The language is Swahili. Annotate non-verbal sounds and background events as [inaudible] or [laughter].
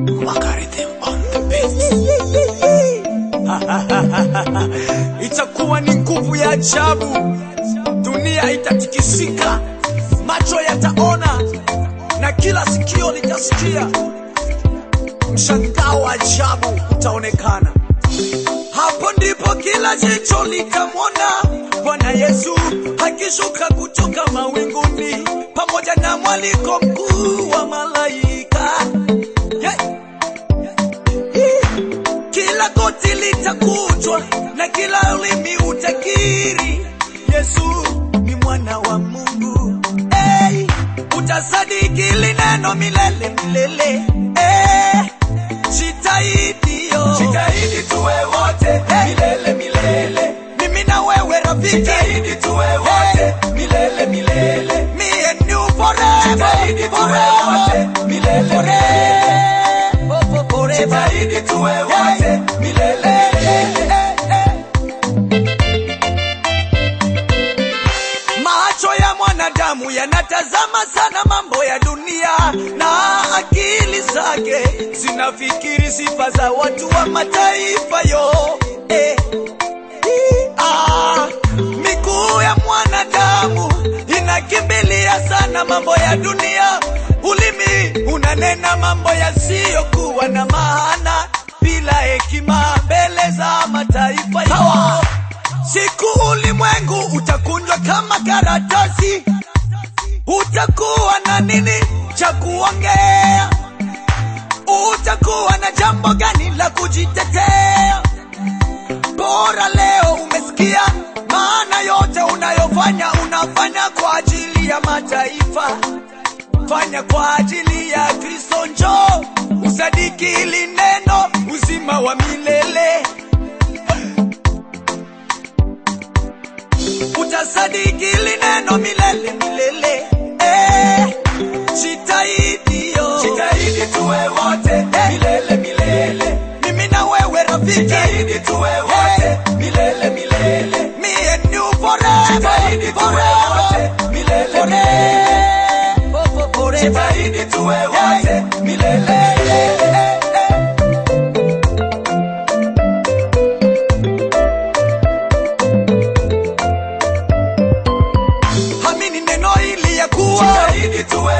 [laughs] Itakuwa ni nguvu ya ajabu, dunia itatikisika, macho yataona na kila sikio litasikia. Mshangao wa ajabu utaonekana. Hapo ndipo kila jicho litamwona Bwana Yesu akishuka kutoka mawinguni pamoja na mwaliko mkuu kila goti litakujwa na kila ulimi utakiri Yesu ni mwana wa Mungu. Hey, utasadiki lineno milele milele. Hey, jitahidi hey, jitahidi tuwe wote hey, milele milele, mimi na wewe rafiki, jitahidi tuwe wote hey, milele milele, me and you forever, jitahidi tuwe wote milele milele, oh, forever, jitahidi tuwe wote anatazama sana mambo ya dunia na akili zake zinafikiri sifa za watu wa mataifa yo eh, ah, miguu ya mwanadamu inakimbilia sana mambo ya dunia, ulimi unanena mambo yasiyokuwa na maana bila hekima mbele za mataifa yo. Siku ulimwengu utakunjwa kama karatasi Utakuwa na nini cha kuongea? Utakuwa na jambo gani la kujitetea? Bora leo umesikia, maana yote unayofanya unafanya kwa ajili ya mataifa. Fanya kwa ajili ya Kristo, njoo usadiki hili neno, uzima wa milele utasadiki hili neno milele. tuwe wote milele milele, mimi na wewe rafiki, jitahidi tuwe wote milele milele, me and you forever, jitahidi tuwe wote milele milele, jitahidi tuwe wote milele tuwe